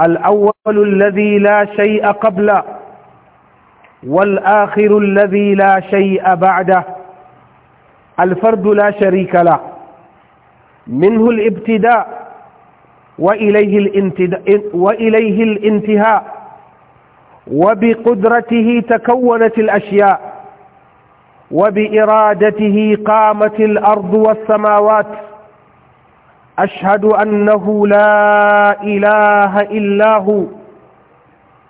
الأول الذي لا شيء قبله والآخر الذي لا شيء بعده الفرد لا شريك له منه الابتداء وإليه, وإليه الانتهاء وبقدرته تكونت الأشياء وبإرادته قامت الأرض والسماوات أشهد أنه لا إله إلا هو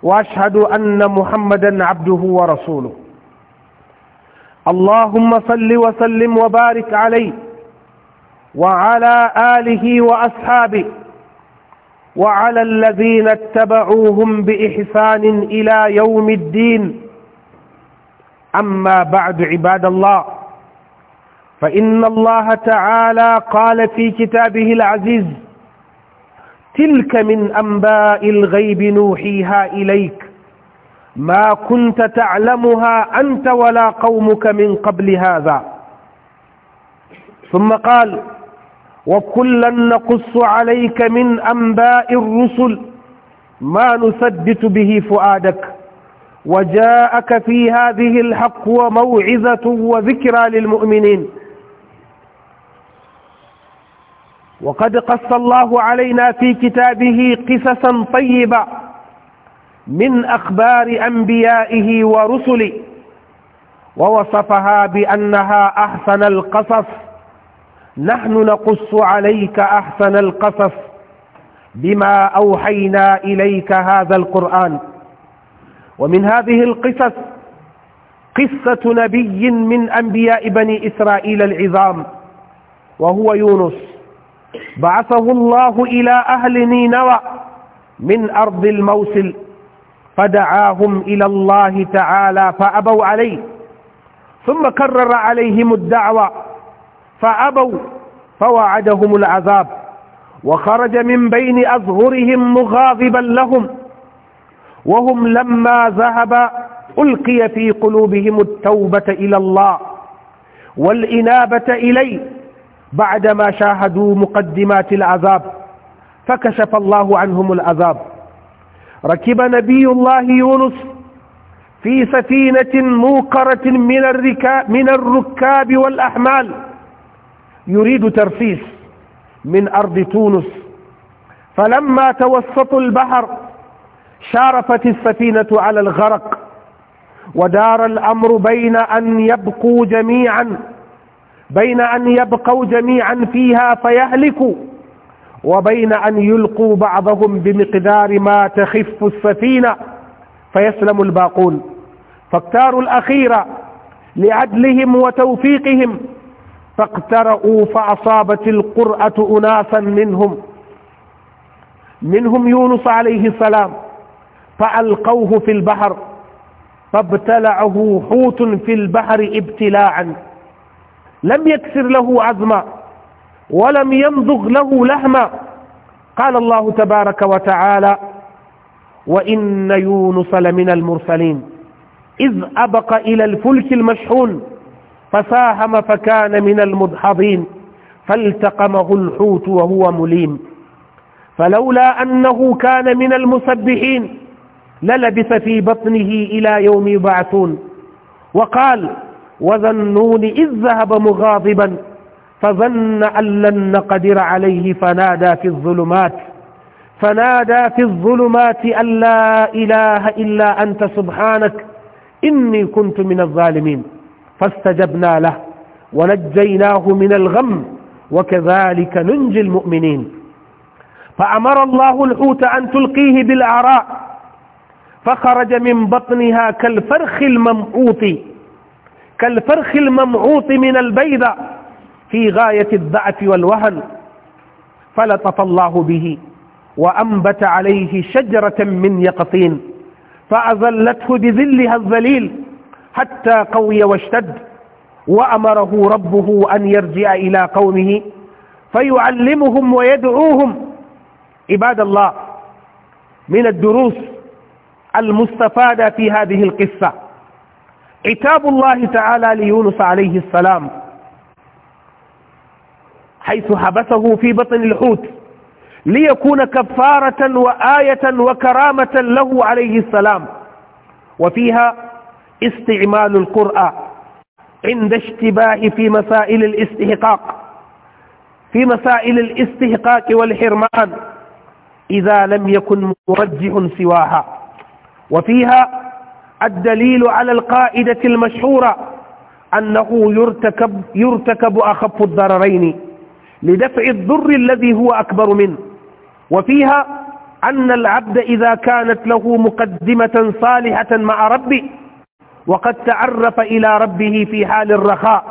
وأشهد أن محمدا عبده ورسوله اللهم صل وسلم وبارك عليه وعلى آله وأصحابه وعلى الذين اتبعوهم بإحسان إلى يوم الدين أما بعد عباد الله فإن الله تعالى قال في كتابه العزيز تلك من أنباء الغيب نوحيها إليك ما كنت تعلمها أنت ولا قومك من قبل هذا ثم قال وكلا نقص عليك من أنباء الرسل ما نثبت به فؤادك وجاءك في هذه الحق وموعظة وذكرى للمؤمنين وقد قص الله علينا في كتابه قصصا طيبة من أخبار أنبيائه ورسله ووصفها بأنها أحسن القصص نحن نقص عليك أحسن القصص بما أوحينا إليك هذا القرآن ومن هذه القصص قصة نبي من أنبياء بني إسرائيل العظام وهو يونس بعثه الله إلى أهل نينوى من أرض الموصل فدعاهم إلى الله تعالى فأبوا عليه ثم كرر عليهم الدعوة فأبوا فوعدهم العذاب وخرج من بين أظهرهم مغاضبا لهم وهم لما ذهب ألقي في قلوبهم التوبة إلى الله والإنابة إليه بعدما شاهدوا مقدمات العذاب فكشف الله عنهم العذاب ركب نبي الله يونس في سفينة موقرة من, من الركاب والأحمال يريد ترفيس من أرض تونس فلما توسطوا البحر شارفت السفينة على الغرق ودار الأمر بين أن يبقوا جميعا بين أن يبقوا جميعا فيها فيهلكوا وبين أن يلقوا بعضهم بمقدار ما تخف السفينة فيسلم الباقون فاختاروا الأخيرة لعدلهم وتوفيقهم فاقترؤوا فأصابت القرأة أناسا منهم منهم يونس عليه السلام فألقوه في البحر فابتلعه حوت في البحر ابتلاعا لم يكسر له عزما ولم يمضغ له لحما قال الله تبارك وتعالى وإن يونس لمن المرسلين إذ أبق إلى الفلك المشحون فساهم فكان من المدحضين فالتقمه الحوت وهو مليم فلولا أنه كان من المسبحين للبث في بطنه إلى يوم يبعثون وقال وذا النون إذ ذهب مغاضبا فظن أن لن نقدر عليه فنادى في الظلمات فنادى في الظلمات أن لا إله إلا أنت سبحانك إني كنت من الظالمين فاستجبنا له ونجيناه من الغم وكذلك ننجي المؤمنين فأمر الله الحوت أن تلقيه بالعراء فخرج من بطنها كالفرخ الممقوط كالفرخ الممعوط من البيضة في غاية الضعف والوهن فلطف الله به وأنبت عليه شجرة من يقطين فأذلته بذلها الذليل حتى قوي واشتد وأمره ربه أن يرجع إلى قومه فيعلمهم ويدعوهم عباد الله من الدروس المستفادة في هذه القصة عتاب الله تعالى ليونس عليه السلام حيث حبسه في بطن الحوت ليكون كفارة وآية وكرامة له عليه السلام وفيها استعمال القرآن عند اشتباه في مسائل الاستحقاق في مسائل الاستحقاق والحرمان إذا لم يكن مرجح سواها وفيها الدليل على القاعدة المشهورة أنه يرتكب, يرتكب أخف الضررين لدفع الضر الذي هو أكبر منه وفيها أن العبد إذا كانت له مقدمة صالحة مع ربه وقد تعرف إلى ربه في حال الرخاء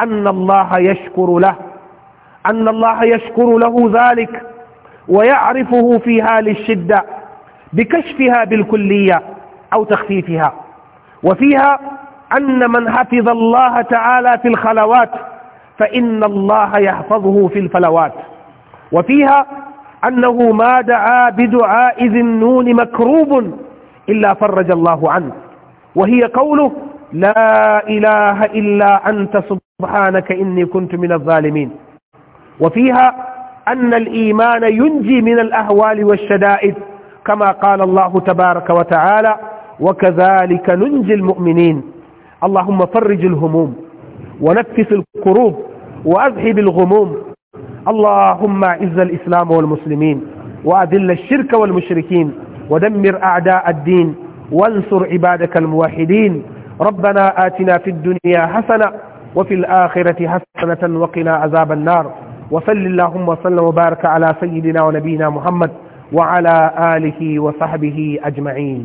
أن الله يشكر له أن الله يشكر له ذلك ويعرفه في حال الشدة بكشفها بالكلية أو تخفيفها وفيها أن من حفظ الله تعالى في الخلوات فإن الله يحفظه في الفلوات وفيها أنه ما دعا بدعاء ذي النون مكروب إلا فرج الله عنه وهي قوله لا إله إلا أنت سبحانك إني كنت من الظالمين وفيها أن الإيمان ينجي من الأهوال والشدائد كما قال الله تبارك وتعالى وكذلك ننجي المؤمنين اللهم فرج الهموم ونفس الكروب وأذهب الغموم اللهم اعز الإسلام والمسلمين وأذل الشرك والمشركين ودمر أعداء الدين وانصر عبادك الموحدين ربنا آتنا في الدنيا حسنة وفي الآخرة حسنة وقنا عذاب النار وصل اللهم وسلم وبارك على سيدنا ونبينا محمد وعلى آله وصحبه أجمعين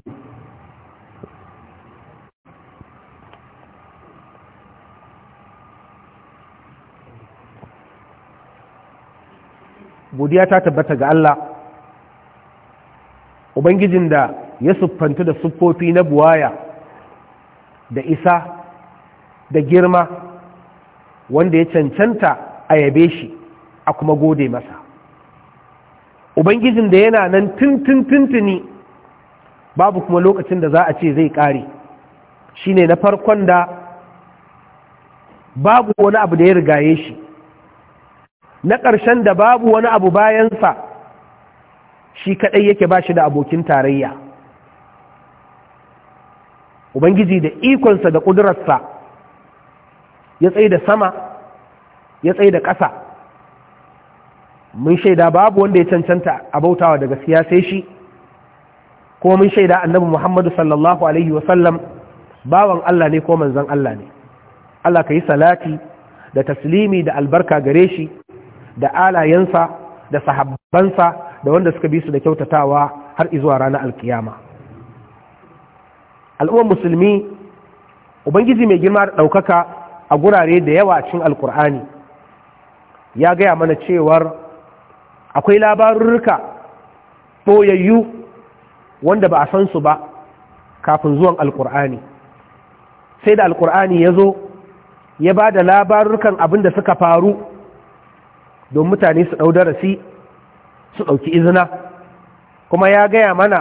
godiya ta tabbata ga Allah ubangijin da ya siffanta da siffofi na buwaya da isa da girma wanda ya cancanta a yabe shi a kuma gode masa ubangijin da yana nan tuntun tuntuni babu kuma lokacin da za a ce zai kare shine na farkon da babu wani abu da ya rigaye shi na ƙarshen da babu wani abu bayansa shi kaɗai yake ba shi da abokin tarayya ubangiji da ikonsa da ƙudurarsa ya tsaye da sama ya tsaye da ƙasa mun shaida babu wanda ya cancanta a bautawa da gaskiya sai shi ko mun shaida annabi muhammadu sallallahu alaihi wasallam bawan Allah ne ko manzon Allah ne Allah ka yi salati da taslimi da albarka gare shi da alayensa da sahabbansa da wanda suka bi su da kyautatawa har izuwa ranar alkiyama al'ummar musulmi ubangiji mai girma da ɗaukaka a gurare da yawa cin alkur'ani ya gaya mana cewar akwai labarurruka ɓoyayyu wanda ba a san su ba kafin zuwan alkur'ani sai da alkur'ani ya zo ya ba da labarurkan abin da suka faru don mutane su ɗau darasi su ɗauki izina kuma ya gaya mana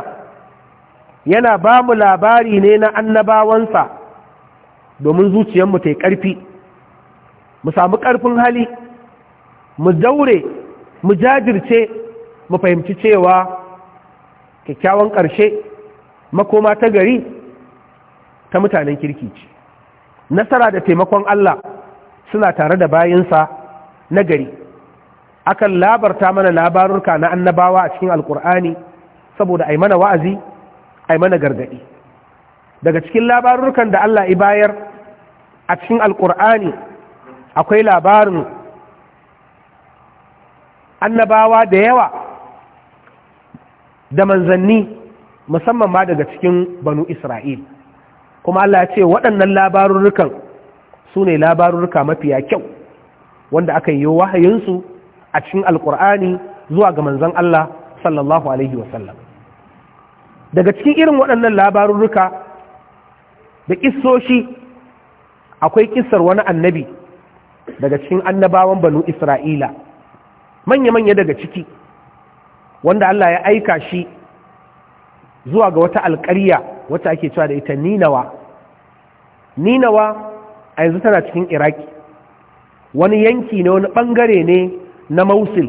yana ba mu labari ne na annabawansa domin zuciyarmu ta yi ƙarfi mu samu ƙarfin hali mu daure mu jajirce mu fahimci cewa kyakkyawan ƙarshe makoma ta gari ta mutanen kirki ce nasara da taimakon Allah suna tare da bayansa na gari akan labarta mana labarurka na annabawa a cikin alkur'ani saboda ai mana wa'azi ai mana gargadi daga cikin labarurkan da Allah i bayar a cikin alkur'ani akwai labarin annabawa da yawa da manzanni musamman ma daga cikin banu isra'il kuma Allah ya ce waɗannan labarurrukan su ne labarurruka mafiya kyau wanda aka yi wahayinsu a cikin alkur'ani zuwa ga manzon Allah sallallahu alaihi wasallam daga cikin irin waɗannan labarurruka da kissoshi akwai ƙisar wani annabi daga cikin annabawan banu isra'ila manya-manya daga ciki wanda Allah ya aika shi zuwa ga wata alƙarya wata ake cewa da ita ninawa ninawa a yanzu tana cikin iraki wani yanki ne wani ɓangare ne na mausil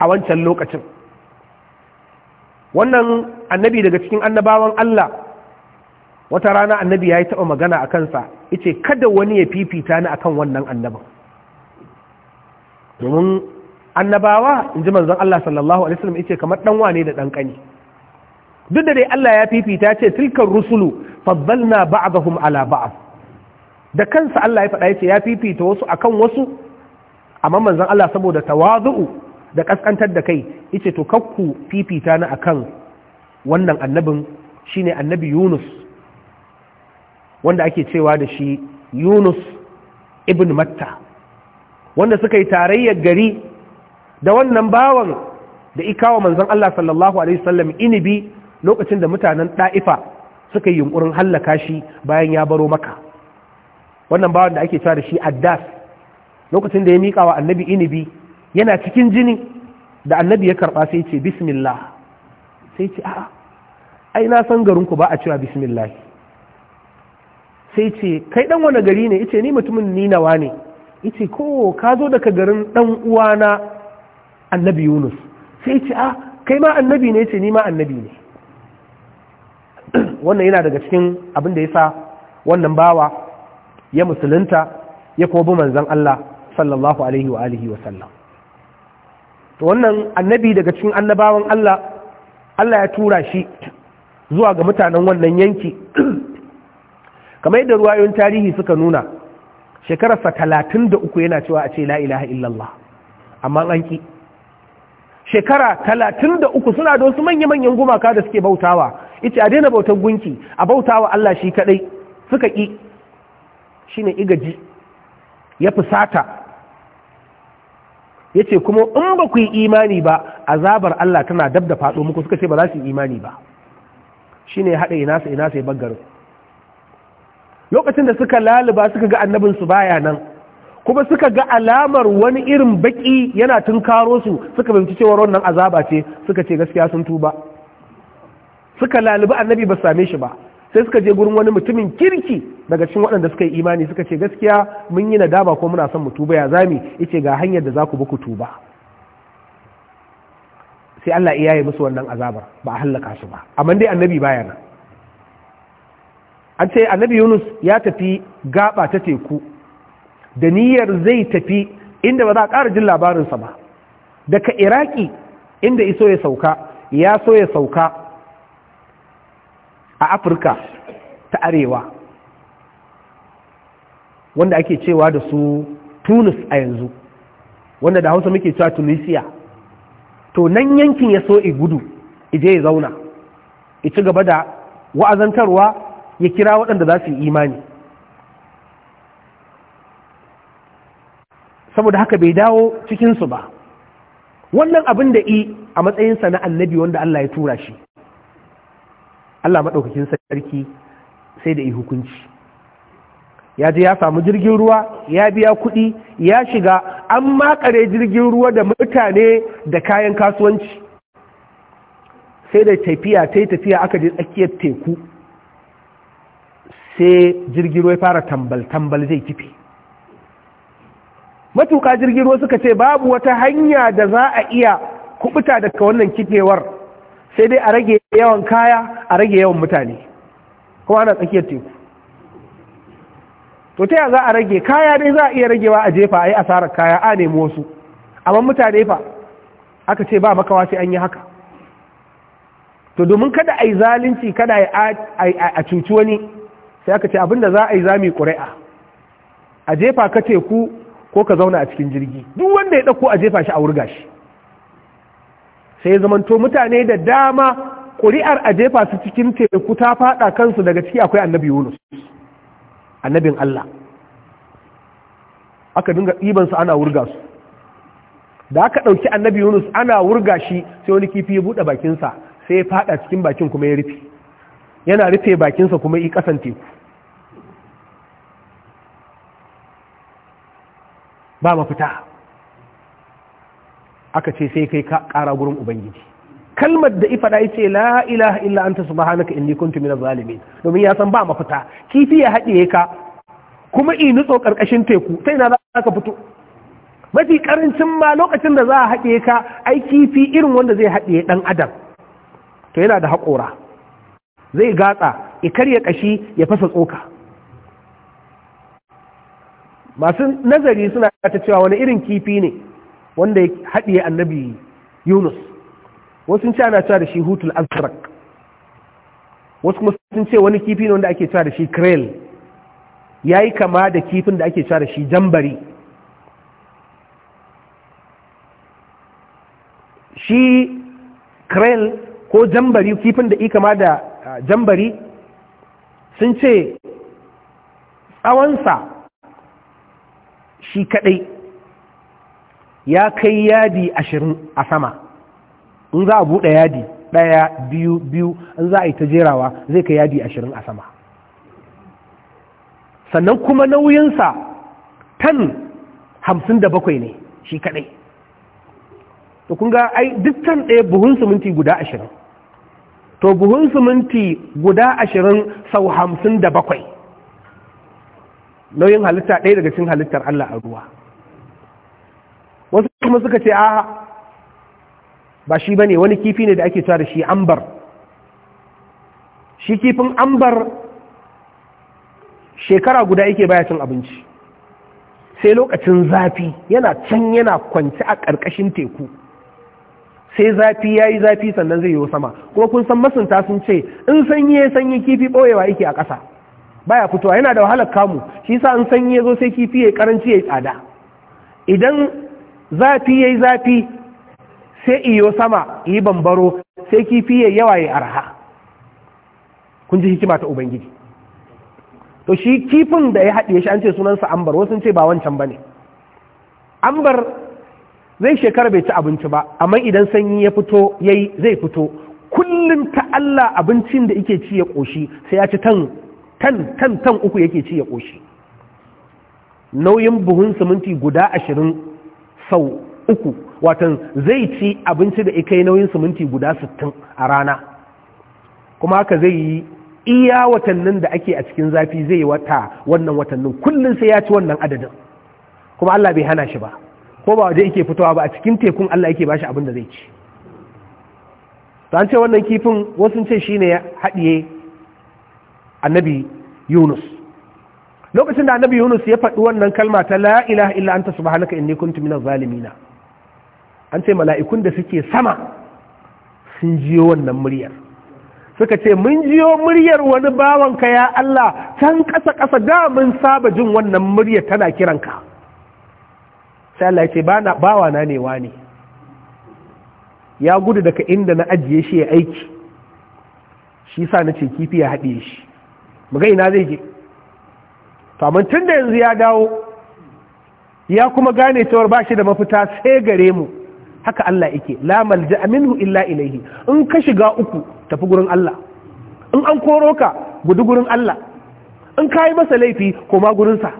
a wancan lokacin wannan annabi daga cikin annabawan Allah wata rana annabi ya yi taɓa magana a kansa ice kada wani ya fifita ni akan wannan annaba domin annabawa in ji manzon Allah sallallahu alaihi wasallam ice kamar ɗan wane da ɗan ƙani duk da dai Allah ya fifita ce tilkan rusulu faddalna ba'dahum ala ba'd da kansa Allah ya faɗa yace ya fifita wasu akan wasu amma manzan Allah saboda tawazu'u da kaskantar da kai yace to kakku fifita na akan wannan annabin shine annabi Yunus wanda ake cewa da shi Yunus ibn Matta wanda suka yi tarayyar gari da wannan bawan da ikawa manzan Allah sallallahu alaihi wasallam inibi lokacin da mutanen ɗa'ifa suka yi yunkurin hallaka shi bayan ya baro maka wannan bawan da ake cewa da shi addas lokacin da ya miƙa wa annabi inibi yana cikin jini da annabi ya karɓa sai ce bismillah sai ce a'a ai na san garinku ba a cewa bismillah sai ce kai dan wani gari ne yace ni mutumin ninawa ne yace ko ka zo daga garin dan uwana annabi yunus sai ce a kai ma annabi ne yace ni ma annabi ne wannan yana daga cikin abin da yasa wannan bawa ya musulunta ya kuma bi manzon Allah sallallahu alaihi wa alihi wa sallam to wannan annabi daga cikin annabawan Allah Allah ya tura shi zuwa ga mutanen wannan yanki kamar yadda ruwayoyin tarihi suka nuna shekararsa talatin da uku yana cewa a ce la ilaha illallah amma an ki shekara talatin da uku suna da wasu manya-manyan gumaka da suke bautawa ita a daina bautar gunki a bautawa Allah shi kadai suka ki shi ne igaji ya fusata Ya ce kuma in ba ku yi imani ba azabar Allah tana dab da faɗo muku suka ce ba za su yi imani ba shi ya haɗa ina sa ina sa bangaren lokacin da suka laluba suka ga annabin su baya nan kuma suka ga alamar wani irin baki yana tunkaro su suka fahimci cewa wannan azaba ce suka ce gaskiya sun tuba suka lalubi annabi ba same shi ba sai suka je gurin wani mutumin kirki daga cikin waɗanda suka yi imani suka ce gaskiya mun yi nadama ko muna son mu tuba ya zami yace ga hanyar da za ku bi ku tuba sai Allah iya yi musu wannan azabar ba a hallaka su ba amma dai annabi baya nan an ce annabi Yunus ya tafi gaba ta teku da niyyar zai tafi inda ba za a ƙara jin labarinsa ba daga iraki inda iso ya sauka ya so ya sauka a afirka ta arewa wanda ake cewa da su tunis a yanzu wanda da hausa muke cewa tunisia to nan yankin ya so gudu ije ya zauna ya ci gaba da wa'azantarwa ya kira waɗanda za su yi imani saboda haka bai dawo cikinsu ba wannan abin da i a matsayinsa na annabi wanda Allah ya tura shi Allah maɗaukakin sarki sai da yi hukunci ya ji ya samu jirgin ruwa ya biya kuɗi ya shiga an makare jirgin ruwa da mutane da kayan kasuwanci sai da tafiya ta yi tafiya aka je tsakiyar teku sai jirgin ruwa ya fara tambal-tambal zai kife matuka jirgin ruwa suka ce babu wata hanya da za a iya kubuta daga wannan kifewar sai dai a rage yawan kaya a rage yawan mutane kuma ana tsakiyar teku to ta za a rage kaya dai za a iya ragewa a jefa a yi asarar kaya a nemi wasu amma mutane fa aka ce ba makawa sai an yi haka to domin kada a yi zalunci kada a cuci wani sai aka ce abinda za a yi zami ƙuri'a a jefa ka teku ko ka zauna a cikin jirgi duk wanda ya ɗauko a jefa shi a wurga shi sai zamanto mutane da dama ƙuri'ar a jefa su cikin teku ta faɗa kansu daga ciki akwai annabi yunus annabin allah aka dinga ɗibansu ana wurga su da aka ɗauki annabi yunus ana wurga shi sai wani kifi ya buɗe bakinsa sai ya faɗa cikin bakin kuma ya rufe yana rufe bakinsa kuma yi ƙasan teku ba mafita aka ce sai kai ka ƙara gurin ubangiji kalmar da ifada ya ce la ilaha illa anta subhanaka inni kuntu minaz zalimin domin ya san ba mafita kifi ya haɗiye ka kuma i nutso karkashin teku sai na za ka fito mafi karancin ma lokacin da za a haɗe ka ai kifi irin wanda zai haɗe ɗan adam to yana da haƙora zai gatsa ya karya ƙashi ya fasa tsoka masu nazari suna ta cewa wani irin kifi ne wanda ya haɗiye annabi yunus wasu ce ana cewa da shi hutul azrak wasu kuma sun ce wani kifi ne wanda ake cewa da shi krel ya yi kama da kifin da ake cewa da shi jambari shi krel ko jambari kifin da kama da jambari sun ce tsawonsa shi kadai ya kai yadi ashirin a sama in za a buɗe yadi ɗaya biyu biyu in za a yi ta jerawa zai kai yadi ashirin a sama sannan kuma nauyinsa tan hamsin da bakwai ne shi kaɗai to kun ga ai duk tan ɗaya buhun siminti guda ashirin to buhun siminti guda ashirin sau hamsin da bakwai nauyin halitta ɗaya daga cikin halittar Allah a ruwa wasu kuma suka ce a ba shi bane wani kifi ne da ake cewa da shi ambar shi kifin ambar shekara guda yake baya cin abinci sai lokacin zafi yana can yana kwanci a ƙarƙashin teku sai zafi ya yi zafi sannan zai yi sama kuma kun san masunta sun ce in sanyi ya sanyi kifi ɓoyewa yake a ƙasa baya fitowa yana da wahalar kamu shi sa in sanyi ya zo sai kifi ya karanci ya yi tsada idan zafi ya yi zafi sai iyo sama yi bambaro sai kifi yayi yawa ya arha kun ji hikima ta ubangiji to shi kifin da ya haɗe shi an ce sunansa ambar wasu ce ba wancan ba ne. ambar zai shekara bai ci abinci ba amma idan sanyi ya fito yayi zai fito kullum ta Allah abincin da yake ci ya ƙoshi sai ya ci tan tan tan tan uku yake ci ya ƙoshi nauyin buhun siminti guda ashirin sau uku watan zai ci abinci da ikai nauyin siminti guda sittin a rana kuma haka zai yi iya watannin da ake a cikin zafi zai yi wata wannan watannin kullum sai ya ci wannan adadin kuma Allah bai hana shi ba ko ba waje yake fitowa ba a cikin tekun Allah yake bashi abin da zai ci to an ce wannan kifin wasu ce shine ya haɗiye annabi Yunus lokacin da annabi yunus ya faɗi wannan kalma ta la ilaha illa anta subhanaka inni kuntu minaz zalimina an ce mala'ikun da suke sama sun jiyo wannan muryar suka ce mun jiyo muryar wani bawanka ya Allah can ƙasa ƙasa da mun saba jin wannan muryar tana kiranka sai Allah ya ce bawa na ne wani ya gudu daga inda na ajiye shi ya aiki shi sa na ce kifi ya haɗe shi mu ga ina zai je kamar tun da yanzu ya dawo ya kuma gane cewar ba shi da mafita sai gare mu haka Allah ike la malja aminu illa ilaihi in ka shiga uku tafi gurin Allah in an koro ka gudu gurin Allah in ka yi masa laifi koma gurinsa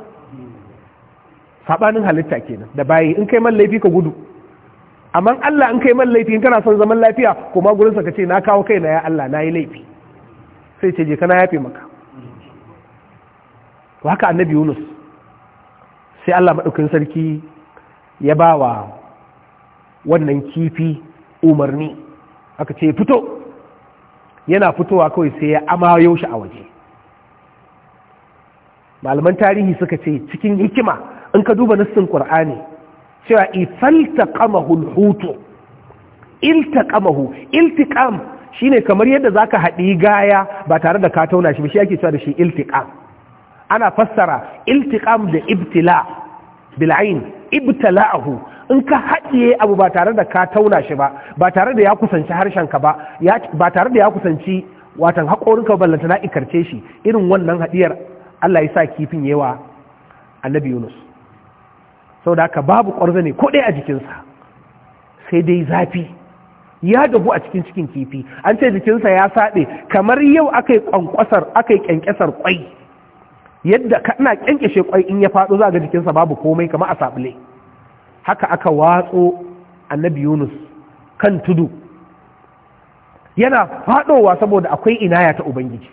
saɓanin halitta kenan da bayi in kai man laifi ka gudu amma Allah in kai man laifi in kana son zaman lafiya koma gurinsa ka ce na kawo kai na ya Allah na yi laifi sai ce je kana yafe maka to haka annabi yunus sai allah maɗaukin sarki ya ba wa wannan kifi umarni aka ce fito yana fitowa kawai sai ya amayo shi a waje malaman tarihi suka ce cikin hikima in ka duba nassin qur'ani cewa ifaltaqamahu alhutu iltaqamahu iltiqam shine kamar yadda zaka haɗi gaya ba tare da ka tauna shi ba shi ake cewa da shi iltiqam ana fassara iltiqam da ibtila bil'ain ibtala'ahu in ka haɗiye abu ba tare da ka tauna shi ba ba tare da ya kusanci harshenka ba ba tare da ya kusanci watan haƙorinka ballanta na ikarce shi irin wannan haɗiyar Allah ya sa kifin yawa annabi Yunus sau da babu ƙwarza ne ko a jikinsa sai dai zafi ya dahu a cikin cikin kifi an ce jikinsa ya saɗe kamar yau aka yi ƙwanƙwasar aka yi ƙyanƙyasar ƙwai yadda ina kyankyashe kwai in ya faɗo za ga jikinsa babu komai kama a saɓule. haka aka watso annabi yunus kan tudu yana faɗowa saboda akwai inaya ta ubangiji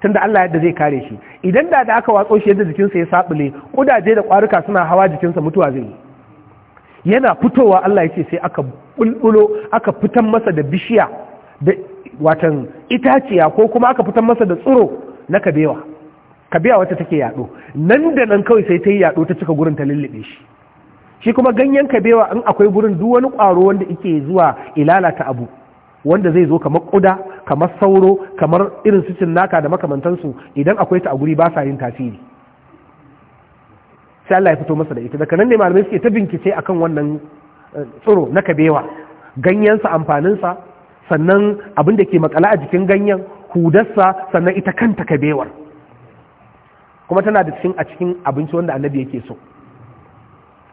tunda Allah yadda zai kare shi idan da da aka watso shi yadda jikinsa ya saɓule, kudaje da kwaruka suna hawa jikinsa mutuwa zai yi yana fitowa Allah ya ce sai aka bulbulo aka fitan masa da bishiya da watan itaciya ko kuma aka fitan masa da tsiro na kabewa biya wata take yaɗo nan da nan kawai sai ta yi yaɗo ta cika gurin ta lullube shi shi kuma ganyen kabewa in akwai gurin duk wani ƙwaro wanda ike zuwa ilalata abu wanda zai zo kamar ƙuda kamar sauro kamar irin su naka da makamantansu idan akwai ta a guri ba sa yin tasiri sai Allah ya fito masa da ita daga nan ne malamai suke ta bincike akan wannan eh, tsiro na kabewa ganyensa sa, sannan abin da ke makala a jikin ganyen hudarsa sannan ita kanta kabewar kuma tana da cikin a cikin abinci wanda annabi yake so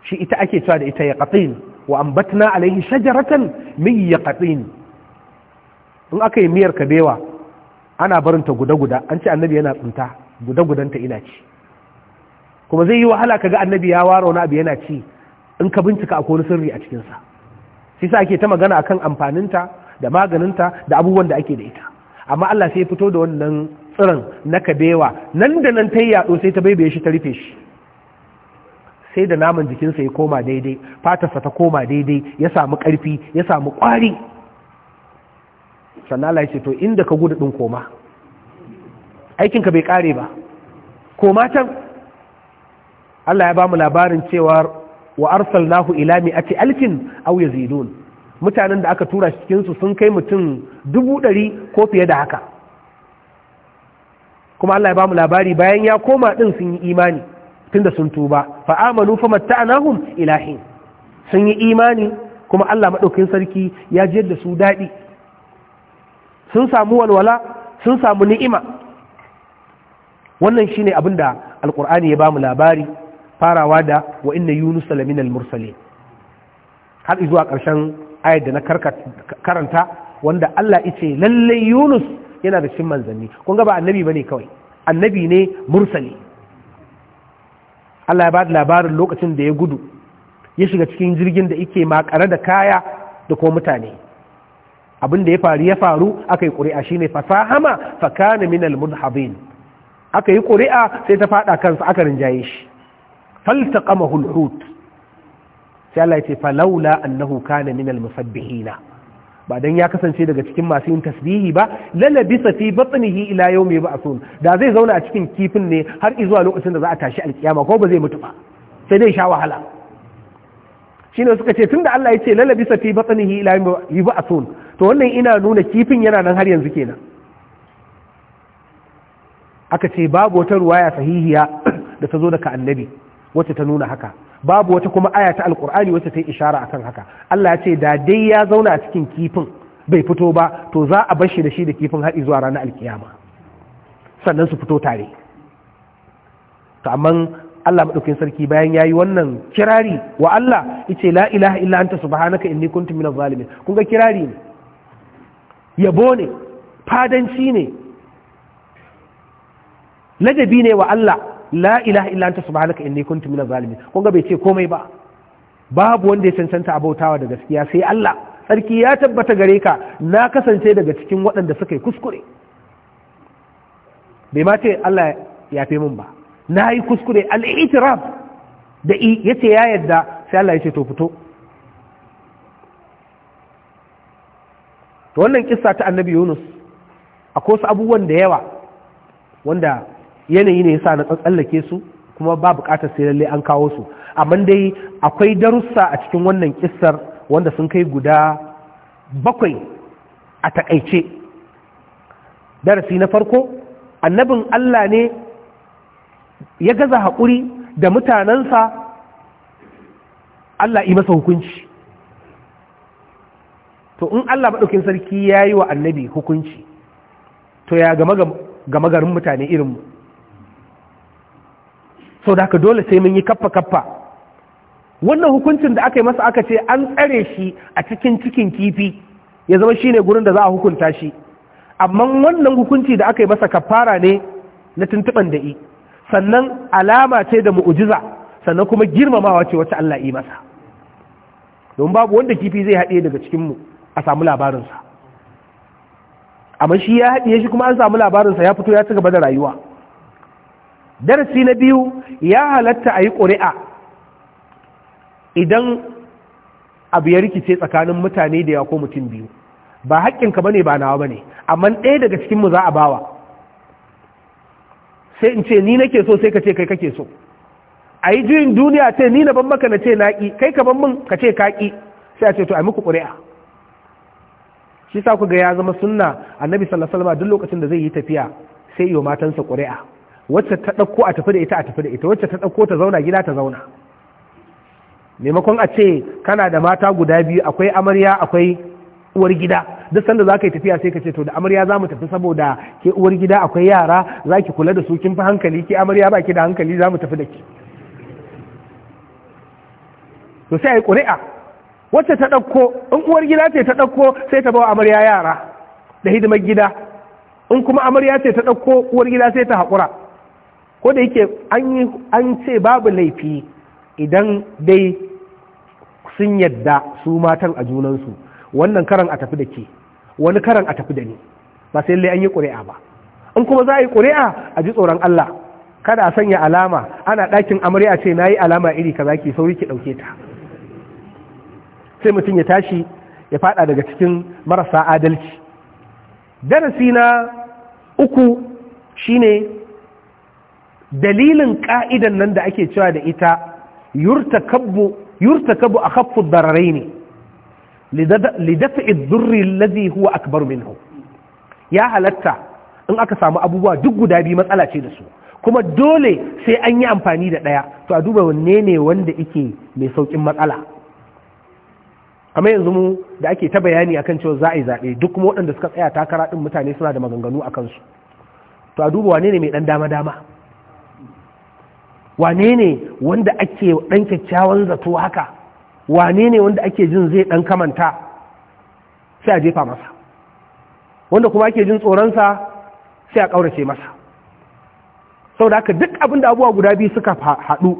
shi ita ake cewa da ita yaqatin wa ambatna alaihi shajaratan min yaqatin in aka yi miyar kabewa ana barinta guda-guda an ce annabi yana tsinta guda-gudanta ina ci kuma zai yi wahala kaga annabi ya ware wani abu yana ci in ka bincika akwai wani sirri a cikinsa shi sa ake ta magana akan amfaninta da maganinta da abubuwan da ake da ita amma Allah sai ya fito da wannan tsirin na kabewa nan da nan ta yi yaɗo sai ta baibaye shi ta rufe shi sai da naman jikinsa ya koma daidai fatarsa ta koma daidai ya samu ƙarfi ya samu ƙwari sannan Allah ya ce to inda ka gudu ɗin koma aikinka bai ƙare ba koma can Allah ya ba mu labarin cewa wa arsalnahu ila mi'ati alfin aw yazidun mutanen da aka tura cikin su sun kai mutum dubu ɗari ko fiye da haka kuma Allah ya bamu labari bayan ya koma din sun yi imani tunda sun tuba fa amanu fa ilahi ila sun yi imani kuma Allah maɗaukin sarki ya jiyar da su daɗi sun samu walwala sun samu ni'ima wannan shine abin da alqur'ani ya bamu labari farawa da wa inna yunus laminal mursalin har zuwa ƙarshen ayat da na karanta wanda Allah ya ce lalle yunus yana da cikin manzanni kun ga ba annabi bane kawai annabi ne mursali Allah ya ba da labarin lokacin da ya gudu ya shiga cikin jirgin da yake makare da kaya da kuma mutane abin da ya faru ya faru aka yi ƙuri'a shine fasahama fakana min almudhabin aka yi ƙuri'a sai ta fada kansa aka rinjaye shi faltaqamahu alhut sai Allah ya ce falaula annahu kana min almusabbihina ba dan ya kasance daga cikin masu yin tasbihi ba lalla bisa fi batnihi ila yawmi ba'thun da zai zauna a cikin kifin ne har zuwa lokacin da za a tashi alkiyama ko ba zai mutu ba sai dai sha wahala shine suka ce tunda Allah ya ce lalla bisa fi batnihi ila yawmi ba'thun to wannan ina nuna kifin yana nan har yanzu kenan aka ce babu wata ruwaya sahihiya da ta zo daga annabi wacce ta nuna haka babu wata kuma aya ta alkur'ani wacce ta yi ishara akan haka Allah ya ce da dai ya zauna cikin kifin bai fito ba to za a bar shi da shi da kifin har zuwa ranar alkiyama sannan su fito tare to amma Allah madaukin sarki bayan yayi wannan kirari wa Allah yace la ilaha illa anta subhanaka inni kuntu minaz zalimin kun ga kirari ne yabo ne fadanci ne ladabi ne wa Allah la ilaha illa anta subhanaka inni kuntu minaz zalimin kun ga bai ce komai ba babu wanda ya cancanta abautawa da gaskiya sai Allah sarki ya tabbata gare ka na kasance daga cikin waɗanda suka yi kuskure bai ma ce Allah ya fi min ba na yi kuskure al'itiraf da ya ce ya yadda sai Allah ya ce to fito to wannan kisa ta annabi yunus akwai wasu abubuwan da yawa wanda yanayi ne yasa na tsallake su kuma ba bukatar sai lalle an kawo su amma dai akwai darussa a cikin wannan kissar wanda sun kai guda bakwai a takaice darasi na farko annabin Allah ne ya gaza haƙuri da mutanensa Allah yi masa hukunci to in Allah maɗaukin sarki ya yi wa annabi hukunci to ya gama garin mutane irinmu sau da haka dole sai mun yi kaffa kaffa wannan hukuncin da aka yi masa aka ce an tsare shi a cikin cikin kifi ya zama shi ne gurin da za a hukunta shi amma wannan hukunci da aka yi masa kaffara ne na tuntuɓan da'i sannan alama ce da mu'ujiza sannan kuma girmamawa ce wacce Allah yi masa don babu wanda kifi zai haɗe daga cikinmu a samu labarinsa amma shi ya haɗiye shi kuma an samu labarinsa ya fito ya ci gaba da rayuwa darasi na biyu ya halatta a yi ƙuri'a idan abu ya rikice tsakanin mutane da yawa ko mutum biyu ba haƙƙinka ba ne ba nawa ba ne amma ɗaya daga cikinmu za a bawa sai in ce ni nake so sai ka ce kai kake so a yi juyin duniya ce ni na ban na ce naƙi kai ka ban min ka ce kaƙi sai a ce to a muku ƙuri'a shi sa ku ga ya zama sunna annabi sallallahu alaihi wasallam duk lokacin da zai yi tafiya sai yi wa matansa ƙuri'a wacce ta ɗauko a tafi da ita a tafi da ita wacce ta ɗauko ta zauna gida ta zauna maimakon a ce kana da mata guda biyu akwai amarya akwai uwar gida duk sanda za ka yi tafiya sai ka ce to da amarya za mu tafi saboda ke uwar gida akwai yara za ki kula da su kin fi hankali ki amarya ba ki da hankali za mu tafi da ki to sai a yi ƙuri'a wacce ta ɗauko in uwar gida ce ta ɗauko sai ta bawa amarya yara da hidimar gida in kuma amarya ce ta ɗauko uwar gida sai ta haƙura ko da yake an ce babu laifi idan dai sun yadda su matan a junansu wannan karan a tafi da ke wani karan a tafi da ni ba sai lai an yi ƙuri'a ba in kuma za a yi ƙuri'a a ji tsoron Allah kada a sanya alama ana ɗakin amarya ce na yi alama iri za ki sauri ki ɗauke ta sai mutum ya tashi ya faɗa daga cikin marasa adalci darasi na uku shine dalilin ƙa'idan nan da ake cewa da ita yurtakabu a khaffu dararai ne lidafa idurri lazi huwa akbar minhu ya halatta in aka samu abubuwa duk guda biyu matsala ce da su kuma dole sai an yi amfani da ɗaya to a duba wanne ne wanda ike mai sauƙin matsala kamar yanzu mu da ake ta bayani akan cewa za a yi zaɓe duk kuma waɗanda suka tsaya takara ɗin mutane suna da maganganu a kansu to a duba wane ne mai ɗan dama-dama wane ne wanda ake ɗan kyakkyawan zato haka wane ne wanda ake jin zai ɗan kamanta sai a jefa masa wanda kuma ake jin tsoronsa sai a ƙaurace masa sau da haka duk abin da abubuwa guda biyu suka haɗu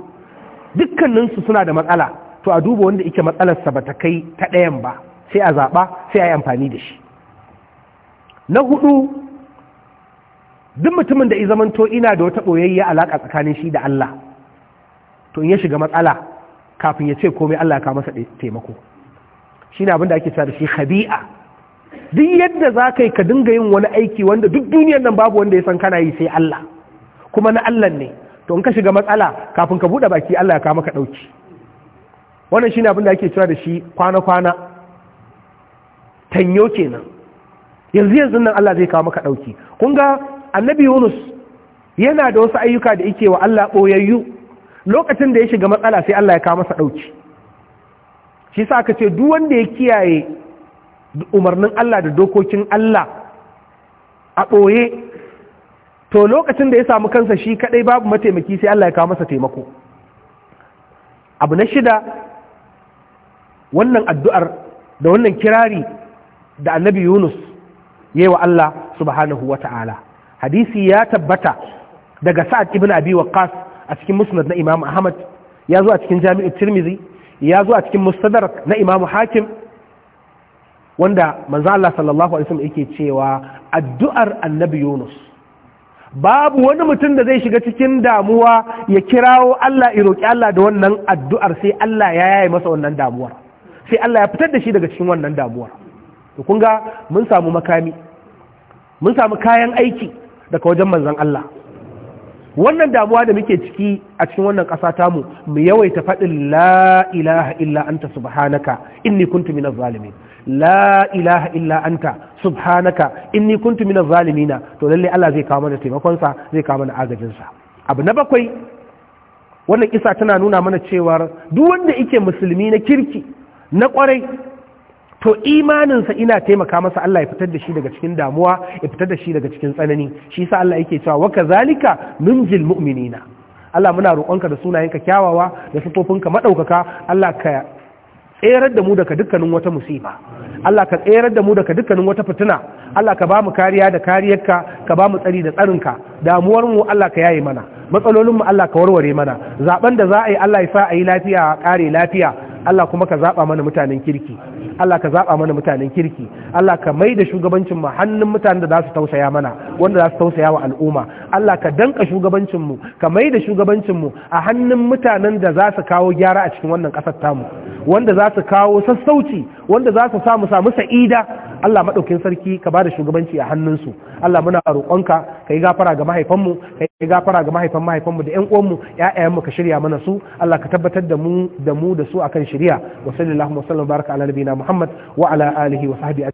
dukkaninsu suna da matsala to a duba wanda ike matsalarsa ba ta kai ta ɗayan ba sai a zaɓa sai a yi amfani da shi na hudu duk mutumin da zamanto ina da wata ɓoyayya alaƙa tsakanin shi da Allah to in ya shiga matsala kafin ya ce komai Allah ka masa taimako shi ne abinda ake da shi habi'a duk yadda za ka yi ka dinga yin wani aiki wanda duk duniyar nan babu wanda ya san kana yi sai Allah kuma na Allah ne to in ka shiga matsala kafin ka buɗe baki Allah ya kama ka ɗauki wannan shi ne abinda ake cewa da shi kwana-kwana tanyo kenan yanzu yanzu nan Allah zai kawo maka ɗauki kun ga annabi yunus yana da wasu ayyuka da yake wa Allah ɓoyayyu lokacin da ya shiga matsala sai Allah ya kawo masa ɗauki shi sa ka ce duk wanda ya kiyaye umarnin Allah da dokokin Allah a ɓoye to lokacin da ya samu kansa shi kaɗai babu mataimaki sai Allah ya kawo masa taimako abu na shida wannan addu'ar da wannan kirari da annabi yunus ya yi wa Allah subhanahu wa ta'ala hadisi ya tabbata daga sa'ad ibn abi waqqas a cikin musnad na imamu ahmad ya zo a cikin jami'ar tirmizi ya zo a cikin mustadar na imamu hakim wanda manzo Allah sallallahu alaihi wasallam yake cewa addu'ar annabi Yunus babu wani mutum da zai shiga cikin damuwa ya kirawo Allah ya roki Allah da wannan addu'ar sai Allah ya yaye masa wannan damuwar sai Allah ya fitar da shi daga cikin wannan damuwar to kun ga mun samu makami mun samu kayan aiki daga wajen manzon Allah wannan damuwa da muke ciki a cikin wannan ƙasa tamu mu yawaita faɗin la ilaha illa anta subhanaka inni kuntu minaz zalimin la ilaha illa anta subhanaka inni kuntu minaz zalimina to lalle Allah zai kawo mana taimakon sa zai kawo mana agajin sa abu na bakwai wannan kisa tana nuna mana cewa duk wanda yake musulmi na kirki na kwarai to imaninsa ina taimaka masa Allah ya fitar da shi daga cikin damuwa ya fitar da shi daga cikin tsanani shi yasa Allah yake cewa waka zalika nunjil mu'minina Allah muna roƙonka da sunayenka kyawawa da sifofinka madaukaka Allah ka tserar da mu daga dukkanin wata musiba Allah ka tserar da mu daga dukkanin wata fitina Allah ka ba mu kariya da kariyarka ka ba mu tsari da tsarinka damuwar mu Allah ka yaye mana matsalolin mu Allah ka warware mana zaben da za a yi Allah ya sa a yi lafiya a kare lafiya Allah kuma ka zaba mana mutanen kirki Allah ka zaɓa mana mutanen kirki Allah ka mai da shugabancin mu hannun mutanen da za su tausaya mana wanda za su tausaya wa al'umma Allah ka danka shugabancin mu ka mai da shugabancin mu a hannun mutanen da za su kawo gyara a cikin wannan ƙasar tamu wanda za su kawo sassauci wanda za su samu samu sa'ida Allah maɗaukin sarki ka ba da shugabanci a hannun su Allah muna roƙonka ka yi gafara ga mahaifanmu ka yi gafara ga mahaifan mahaifanmu da 'yan uwanmu mu ka shirya mana su Allah ka tabbatar da mu da mu da su akan shirya wa sallallahu alaihi wa sallam baraka ala nabiyina نبينا محمد وعلى آله وصحبه